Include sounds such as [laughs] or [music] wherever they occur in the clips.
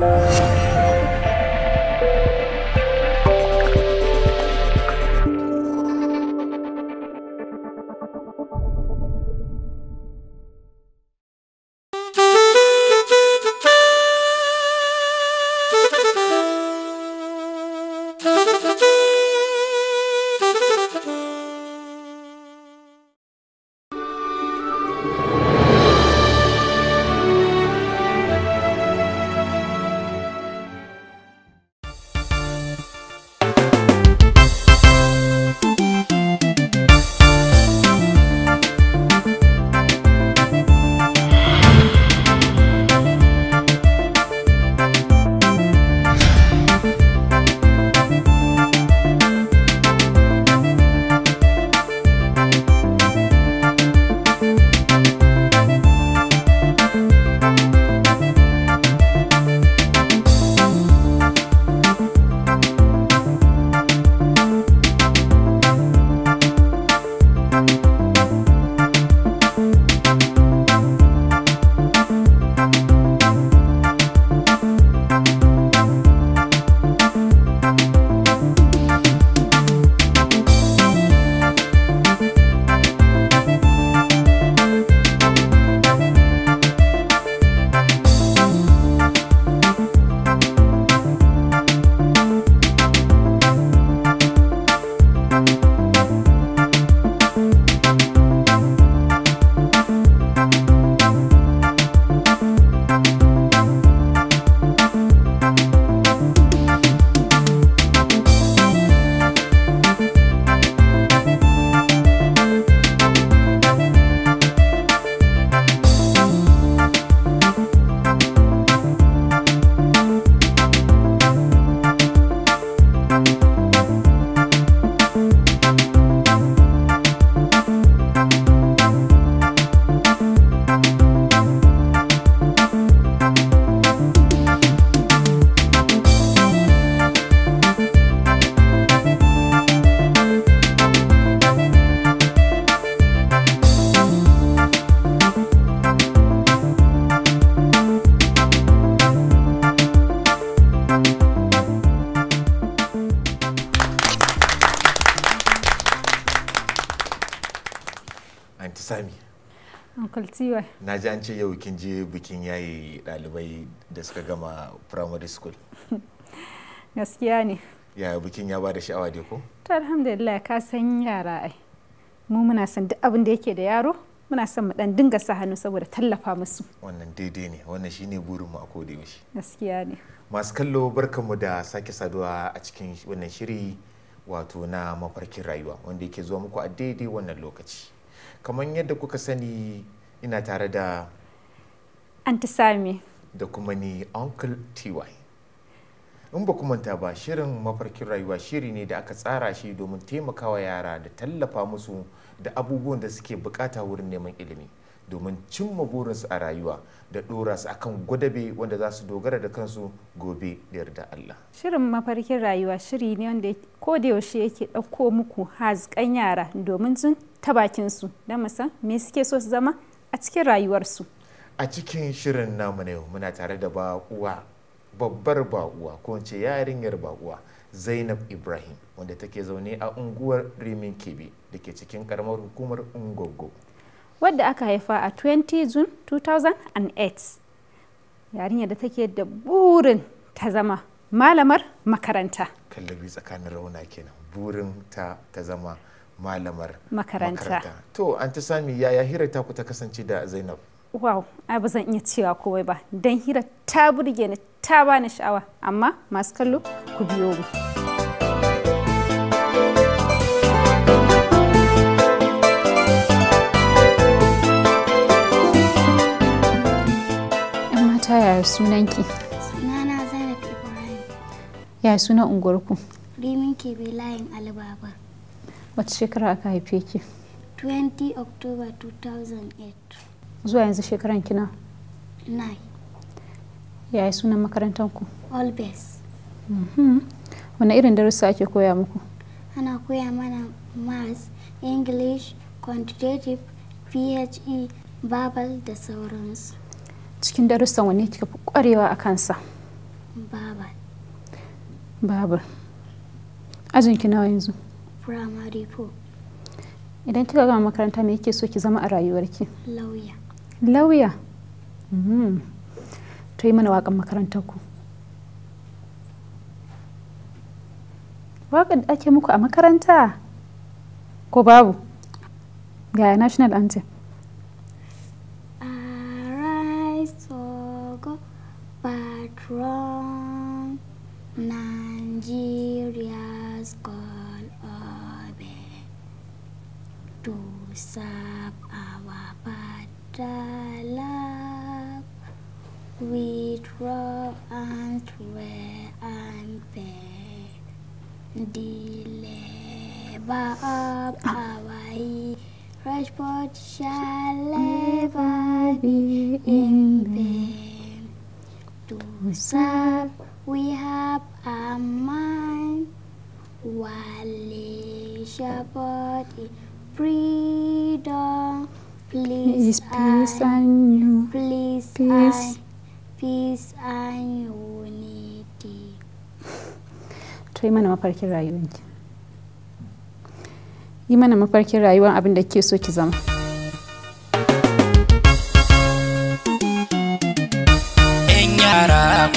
Música sami wa na ji an ce yau kin je bikin yayi dalibai da suka gama primary school [laughs] gaskiya ne ya bikin ya ba da sha'awa dai ko to alhamdulillah ka san yara ai mu muna son duk abin da yake da yaro muna son mu dan dinga sa hannu saboda tallafa musu wannan daidai ne wannan shine burin mu a koda yaushe gaskiya ne masu kallo barkanmu da sake saduwa a cikin wannan shiri wato na mafarkin rayuwa wanda yake zuwa muku a daidai wannan lokaci kamar yadda kuka sani ina tare da Sami da kuma ni uncle ty in ba manta ba shirin mafarkin rayuwa shiri ne da aka tsara shi domin taimakawa yara da tallafa musu da abubuwan da suke bukata wurin neman ilimi domin cimma burinsu a rayuwa da ɗora su akan gwadabe wanda za su dogara da kansu gobe da yarda Allah. Shirin mafarkin rayuwa shiri ne wanda ko da yaushe yake ɗauko muku hazƙan yara domin sun ta bakinsu da musan me suke so su zama a cikin rayuwarsu. A cikin shirin namu na yau muna tare da ba uwa babbar baƙuwa ko ce yarinyar baƙuwa zainab ibrahim wanda take zaune a unguwar rimin kebe da ke cikin karamar hukumar ungogo wadda aka haifa a 20 june 2008 yarinya da take da burin ta zama malamar makaranta kallabi tsakanin rauna kenan burin ta ta zama malamar makaranta to an ta sami yaya hira ta ku ta kasance da zainab wow ai ba zan iya cewa kowai ba don hira ta burge ni ta bani sha'awa amma masu kallo ku biyo mu ya sunanki sunana zainab ibrahim ya suna unguwarku rimin kebe layin alibaba wata shekara aka haife ki 20 october 2008 zuwa yanzu shekaran kina 9 ya sunan makarantanku all best mhm. wani irin darussa ake koya muku ana koya mana maths english quantitative phe babal da sauransu cikin darussan wanne kika fi kwarewa a kansa baba baba ajinki nawa yanzu primary 4 idan kika gama makaranta me yake so ki zama a rayuwarki lauya lauya hmm. to yi mana waƙan makarantar ku Wakan da ake muku a makaranta ko babu ga national anthem dialogue. We drove and where and deliver up Hawaii. Rashport shall never be in vain. To serve we have a mind, while leisure body free. Peace, peace and you. Please peace. peace and unity. yi mana mafarkin rayuwanki. Yi mana mafarkin rayuwar abin da ke so ki zama.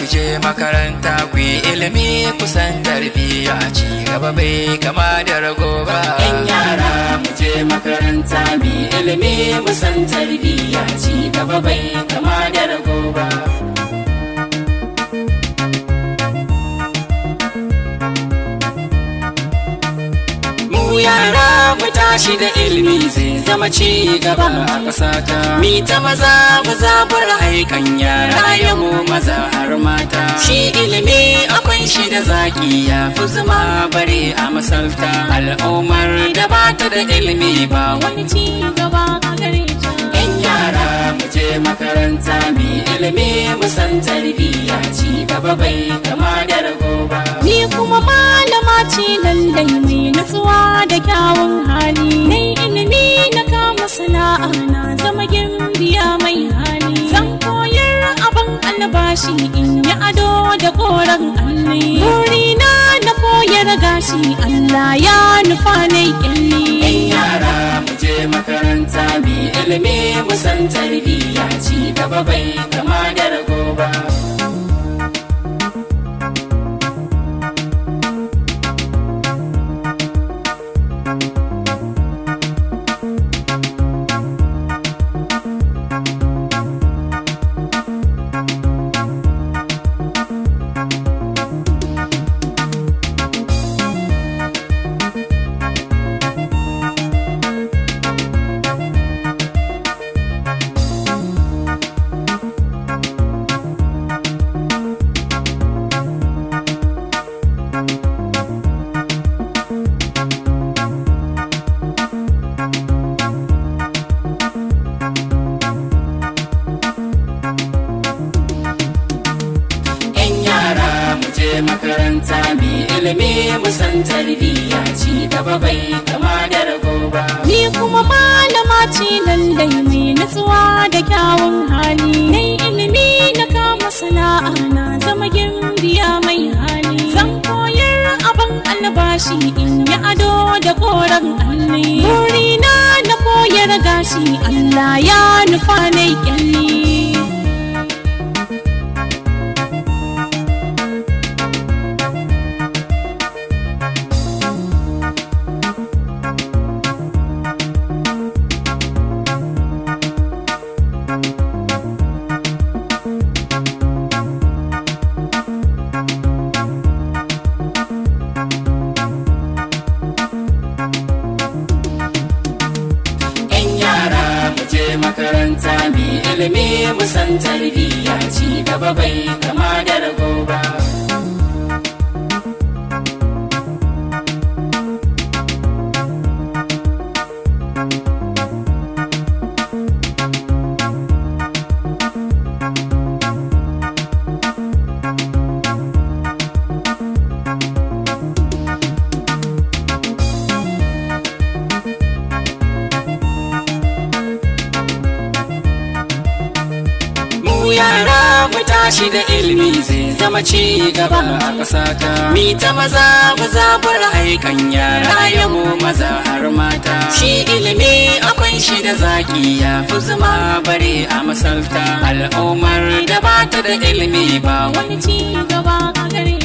ki je makaranta ku yi ilimi kusan tarbiyya a ci gaba bai kama da rago ba yan yara mu je makaranta mu ilimi kusan tarbiyya ci gaba bai kama da rago ba yara mu tashi da ilimi zai zama ci gaba a ƙasata mi ta maza mu zabar aikan yara ya mu maza har mata shi ilimi akwai shi da zaki ya fi zuma bare a masalta al'ummar da ba ta da ilimi ba wani ci gaba a gare ta yan yara mu je makaranta mi ilimi mu san tarbiyya ci gaba bai kama da rago gashi in yi ado da koran alli burina na koyar gashi Allah ya nufa ne kyalli yan yara mu je makaranta mi ilimi mu san tarbiyya ci gaba bai kama da rago ba Allah ya nufa na kyalli பார்வை shi da ilimi zai zama ci gaba a ƙasata. Mi ta maza ba mu zabar aikan yara ya mu maza har mata. Shi ilimi akwai shi da zaki ya fi zuma bare a masalta. Al'ummar da ba ta da ilimi ba wani ci gaba a gare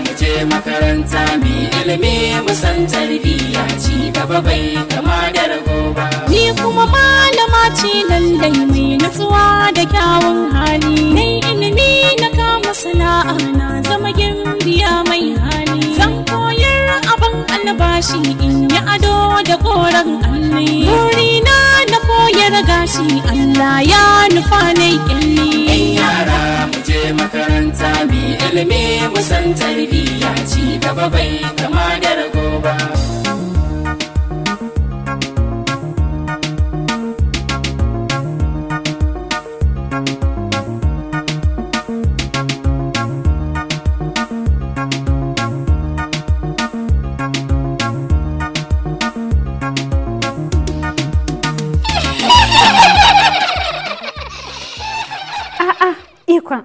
mu je makaranta mi ilimi mu san tarbiyya ci gaba bai kama da rago ba ni kuma malama ce lallai mai nutsuwa da kyawun hali nai ilimi na kama sana'a na zama gimbiya mai hali zan koyar abin albashi in yi ado da koran alli burina na koyar gashi Allah ya nufa na kyalli yara mu makaranta mai ilimi musan tarbiyya ci gaba bai kama da rago ba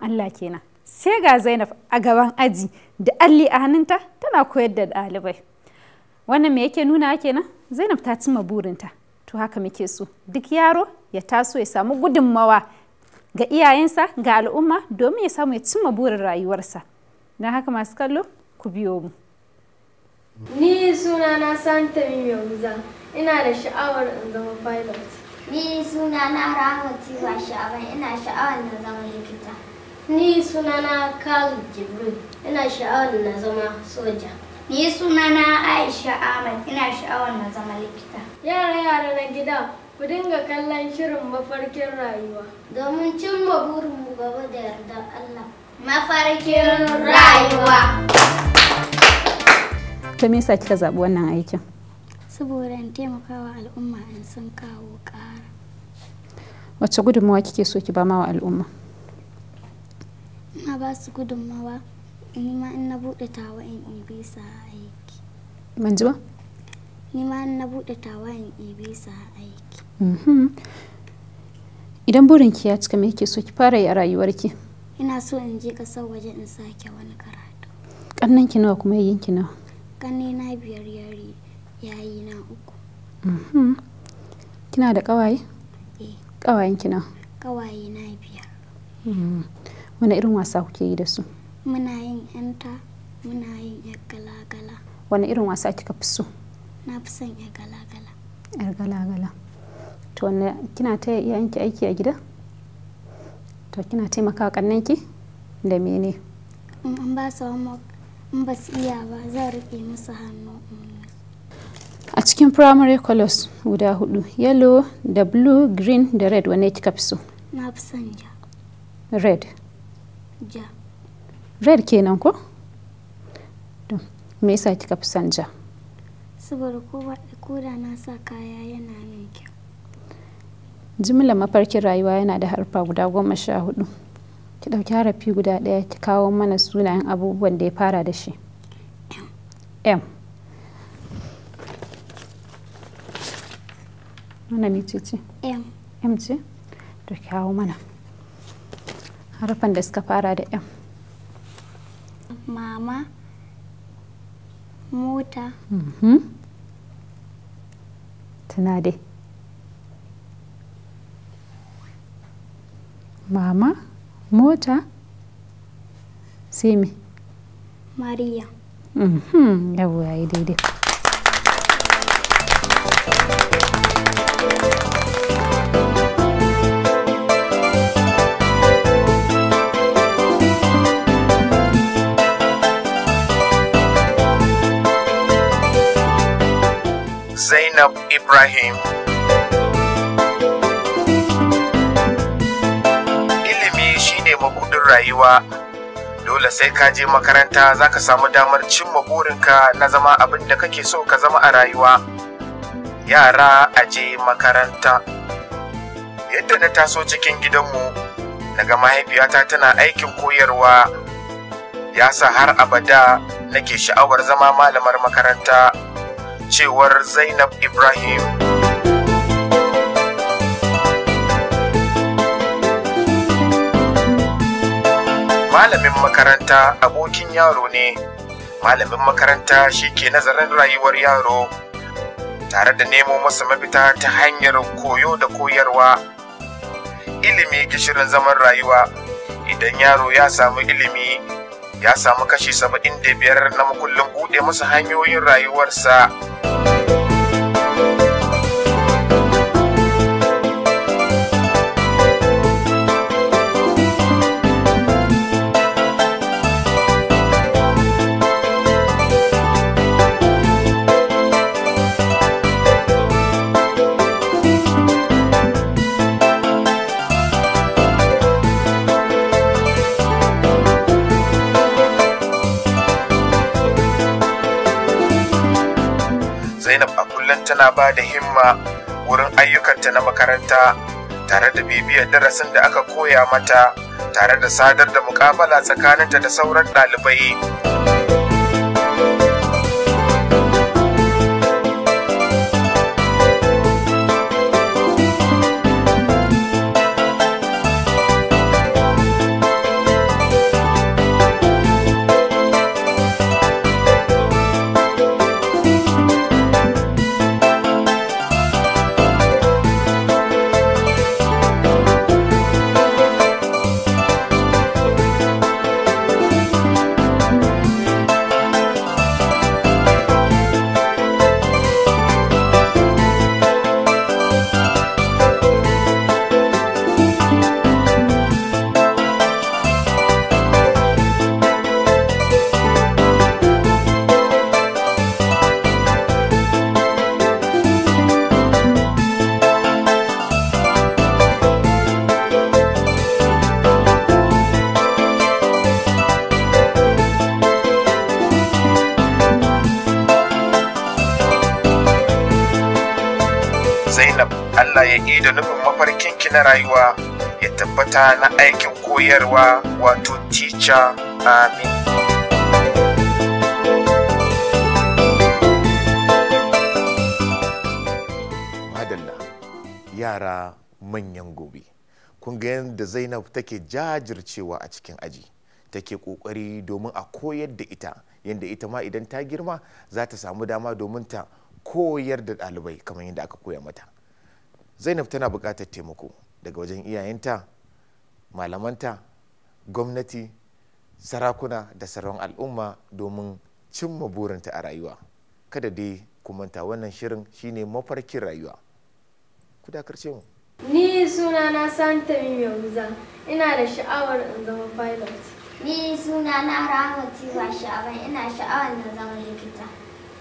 Allah kenan sai ga Zainab a gaban aji da alli a hannunta tana koyar da ɗalibai wannan me yake nuna kenan Zainab ta cimma burinta to haka muke so duk yaro ya taso ya samu gudunmawa ga iyayensa ga al'umma domin ya samu ya cimma burin rayuwarsa don haka masu kallo ku biyo mu ni suna na santa mimiyoza ina da sha'awar in zama pilot ni na rahama ba sha'awar ina sha'awar na zama likita Ni sunana Kalu Jibril, ina sha'awar na zama soja. Ni sunana Aisha Ahmad, ina sha'awar na zama likita. Yara-yara na gida, ku dinga kallon shirin mafarkin rayuwa. Domin cimma burinmu gaba da yardar Allah. Mafarkin rayuwa. Ta me yasa kika zaɓi wannan aikin? Saboda in taimakawa al'umma in sun kawo ƙara. Wace gudunmawa kike so ki ba ma wa al'umma? suna ba su gudunmawa ni ma in na buɗe tawa in ibe su aiki ban ba ni ma in na buɗe tawa in ibe sa aiki mhm. idan burin ki ya cika me yake so ki fara yi a ki. ina so in je kasar waje in sake wani karatu kannan ki nawa kuma yayin ki nawa kanne na biyar yari yayi na uku mhm. kina da kawaye eh kawayen ki nawa kawaye na biyar mhm. wani irin wasa kuke yi da su muna yin yanta muna yin yar galagala wani irin wasa kika fi so na fi son yar galagala galagala to wanne kina taya iyayenki aiki a gida to kina taimaka kannanki da mene in ba su in ba su iya ba zan rike musu hannu a cikin primary colors guda hudu yellow da blue green da red wanne kika fi so na fi son ja red ja red kenan ko me yasa kika fi son ja saboda ko da na sa kaya yana min kyau jimla mafarkin rayuwa yana da harfa guda goma sha hudu ki ɗauki harafi guda ɗaya ki kawo mana sunayen abubuwan da ya fara da shi m wannan ce m m ce kawo mana harafan da suka fara da m mama mota mhm. tuna dai mama mota sai me mariya mhm. yawwa ya yi daidai Zainab Ibrahim. Ilimi shine mabudin rayuwa. Dole sai ka je makaranta za ka samu damar cimma burinka na zama abin da kake so ka zama a rayuwa. Yara a je makaranta. Yadda na taso cikin gidanmu, daga mahaifiyata tana aikin koyarwa, ya sa har abada nake sha'awar zama malamar makaranta. cewar zainab ibrahim malamin makaranta abokin yaro ne malamin makaranta shi ke nazarin rayuwar yaro tare da nemo masa mafita ta hanyar koyo da koyarwa ilimi gishirin zaman rayuwa idan yaro ya samu ilimi ya samu kashi 75 na makullin buɗe masa hanyoyin rayuwarsa. ba da himma wurin ayyukanta na makaranta tare da bibiyar darasin da aka koya mata tare da sadar da mukabala tsakaninta da sauran ɗalibai. Allah ya yi da nufin mafarkin ki na rayuwa ya tabbata na aikin koyarwa wato tica amin yara manyan gobe kun ga yadda zainab take jajircewa a cikin aji take kokari domin a koyar da ita yadda ita ma idan ta girma za ta samu dama domin ta koyar da ɗalibai kamar yadda aka koya mata zainab tana buƙatar taimako daga wajen iyayenta malamanta gwamnati sarakuna da sauran al'umma domin cimma burinta a rayuwa kada dai kumanta wannan shirin shine mafarkin rayuwa ku dakarce mu ni suna na santa mimiya ina da sha'awar in zama pilot ni suna na rahoti wa sha'awar ina sha'awar na zama likita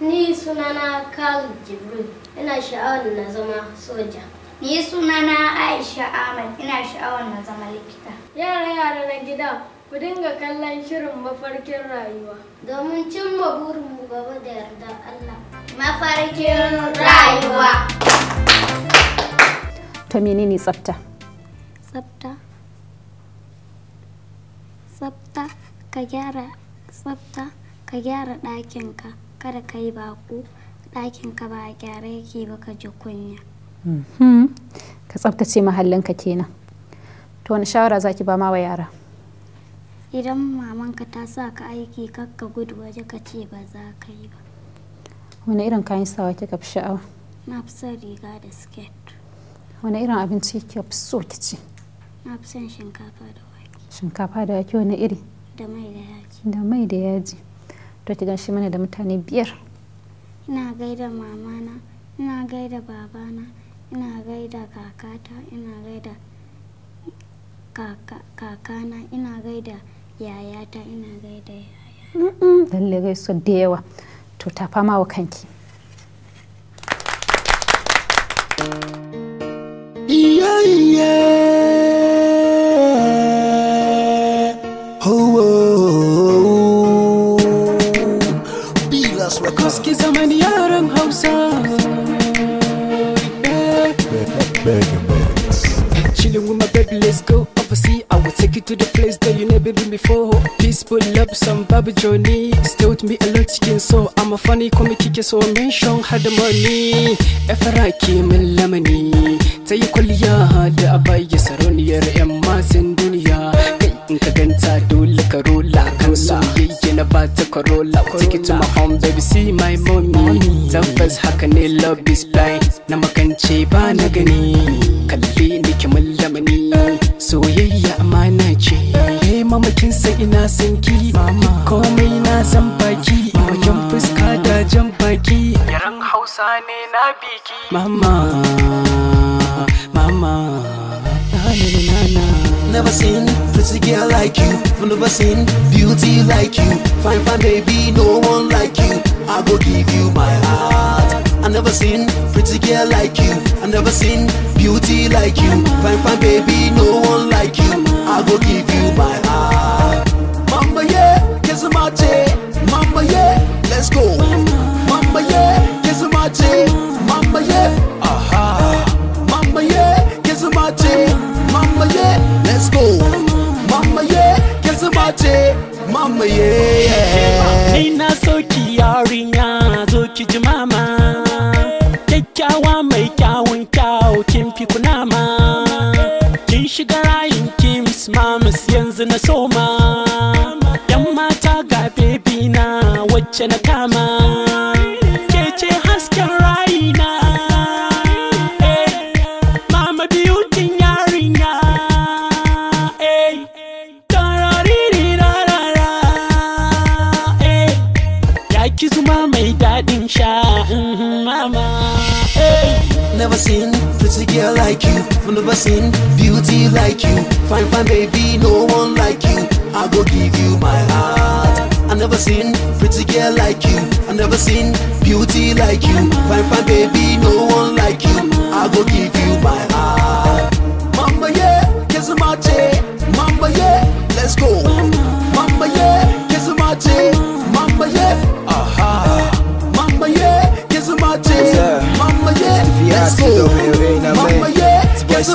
ni suna na kalu jibril ina sha'awar na zama soja Ni sunana Aisha Ahmad ina sha'awar na zama likita. Yara yara na gida ku dinga kallon shirin mafarkin rayuwa. Domin cimma burinmu gaba da yardar Allah. Mafarkin rayuwa. To menene tsafta? Tsafta. Tsafta ka gyara tsafta ka gyara ɗakinka kada ka yi baƙo ɗakinka ba a gyara yake ba ka ji kunya. Hmm. ka tsabtace mahallinka kenan to wani shawara za ki ba ma wa yara idan mamanka ta sa ka aiki kakka gudu waje ka ce ba za ka yi ba wani irin kayan sawa kika fi sha'awa na fi son riga da skirt wani irin abinci kika fi so ki ci na fi son shinkafa da wake shinkafa da wake wani iri da mai da yaji da mai da yaji to ki gashi mana da mutane biyar ina gaida mamana ina gaida babana ina gaida kakata, ina gaida kakana, ina gaida yayata, ina gaida yaya. Lalle gaisu da yawa. To ta fama wa kanki. ki so mention hadmani fara ki min lamani ta yi kwalliya da bayi sarauniyar yan masin duniya kai in ka ganta dole ka rola kan soyayya na ba ta karola take to my home baby see my mommy tabbas haka ne love is blind na makance ba na gani kalle ni ki min lamani soyayya amana ce mamakin sa ina san ki komai na san baki bakin fuska da jan baki yaran hausa ne na biki mama mama Never seen pretty girl like you Never seen beauty like you Fine, fine baby, no one like you I go give you my heart I never seen pretty girl like you I never seen beauty like you Fine, fine baby, no one like you I go give you my heart mama, yeah. yeah. like you Fine, fine baby, no one like you I go give you my heart Mama yeah, kiss my cheek Mama yeah, let's go Mama yeah, kiss my cheek Mama yeah, aha uh-huh. Mama yeah, kiss my cheek Mama yeah, let's go Mama yeah, kiss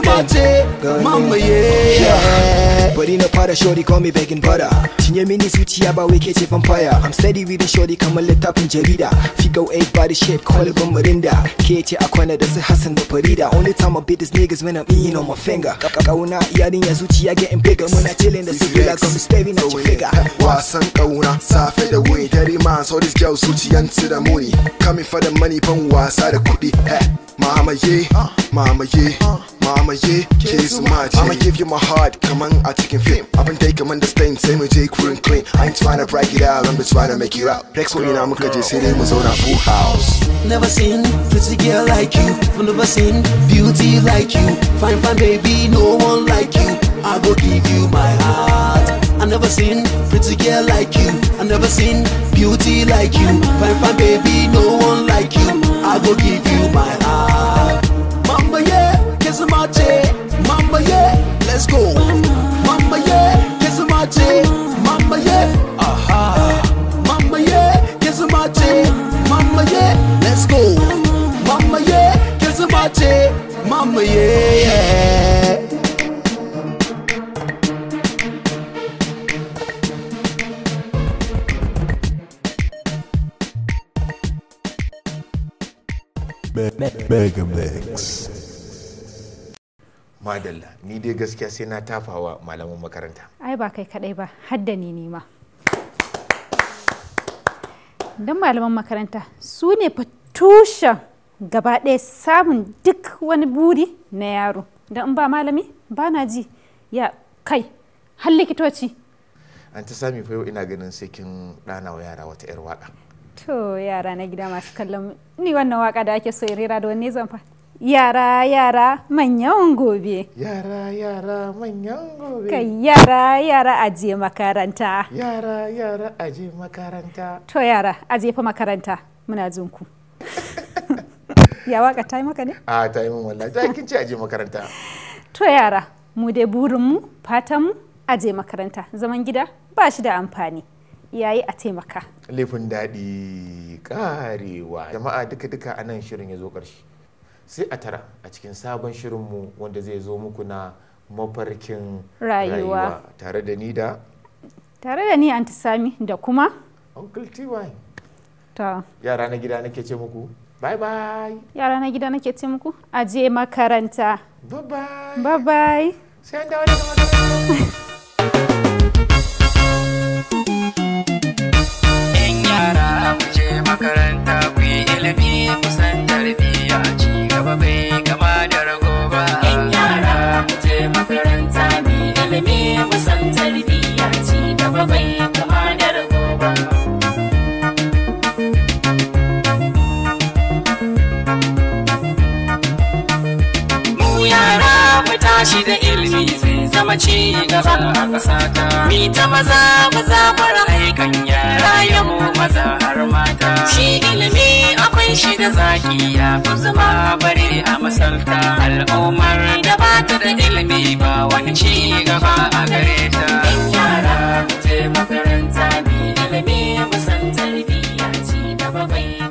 mama yeah but in a part of shorty call me begging butter cinye mini zuciya ba wai ke ce vampire i'm steady with the shorty come a up in jerida figo eight body shape call it marinda ke ce a kwana da su hassan da farida only time i beat these niggas when i'm eating on my finger kauna yarinya ya getting bigger muna chilling da su feel like i'm staring at your figure wasan kauna safe da wuri dare ma so this girl zuciyansu da muni coming for the money ban wasa da kuɗi eh mamaye mamaye mamaye je ke I'ma give you my heart kaman a I film abin dai kaman da stain sai mu je clean I ain't trying to break it out I'm just trying to make it out next one na muka je sai dai mu zauna full house Never seen pretty girl like you Never seen beauty like you Fine fine baby no one like you I go give you my heart I never seen pretty girl like you I never seen beauty like you Fine fine baby no one like you I go give you my heart Mama Mamba yeah, let's go. Mamba yeah, Kesemache, Mamba yeah, aha. Mamba yeah, Kesemache, Mamba yeah, let's go. Mamba yeah, Kesemache, Mamba yeah. Mega Mix. madalla ni dai gaskiya sai na tafawa malaman makaranta ai ba kai kadai ba hadda ni nima don malaman makaranta su ne fa tushen gaba ɗaya samun duk wani buri na yaro don in ba malami ba na ji ya kai har likitoci an ta sami fa yau ina ganin sai kin ɗana wa yara wata 'yar waka to yara na gida masu kallon ni wannan waka da ake so rera da wani zan fa Yara yara manyan gobe. Yara yara manyan gobe. Kai yara yara aje makaranta. Yara yara aje makaranta. To yara aje fa makaranta muna jin ku. [laughs] ya waka ta yi maka ne? A ta yi min wallahi ta kin ce aje makaranta. To yara mu dai burinmu fatanmu aje makaranta zaman gida ba shi da amfani. yayi a taimaka. Laifin daɗi karewa. Jama'a duka-duka anan shirin ya zo ƙarshe. sai a tara a cikin sabon shirinmu wanda zai zo muku na mafarkin rayuwa tare da ni da tare da ni an sami da kuma uncle ty ta yara na gida nake ce muku bye bye yara na gida nake ce muku aje makaranta bye bye bye bye sai an dawo makaranta [laughs] samu ci gaba a ƙasa Mita ta maza maza mara aikan yara ya mu maza har mata. Shi ilimi akwai shi da zaki ya fi bare a masalta. Al'ummar da ba ta da ilimi ba wani ci gaba a gare ta. yara mu je makaranta mi ilimi mu san tarbiyya ci gaba bai.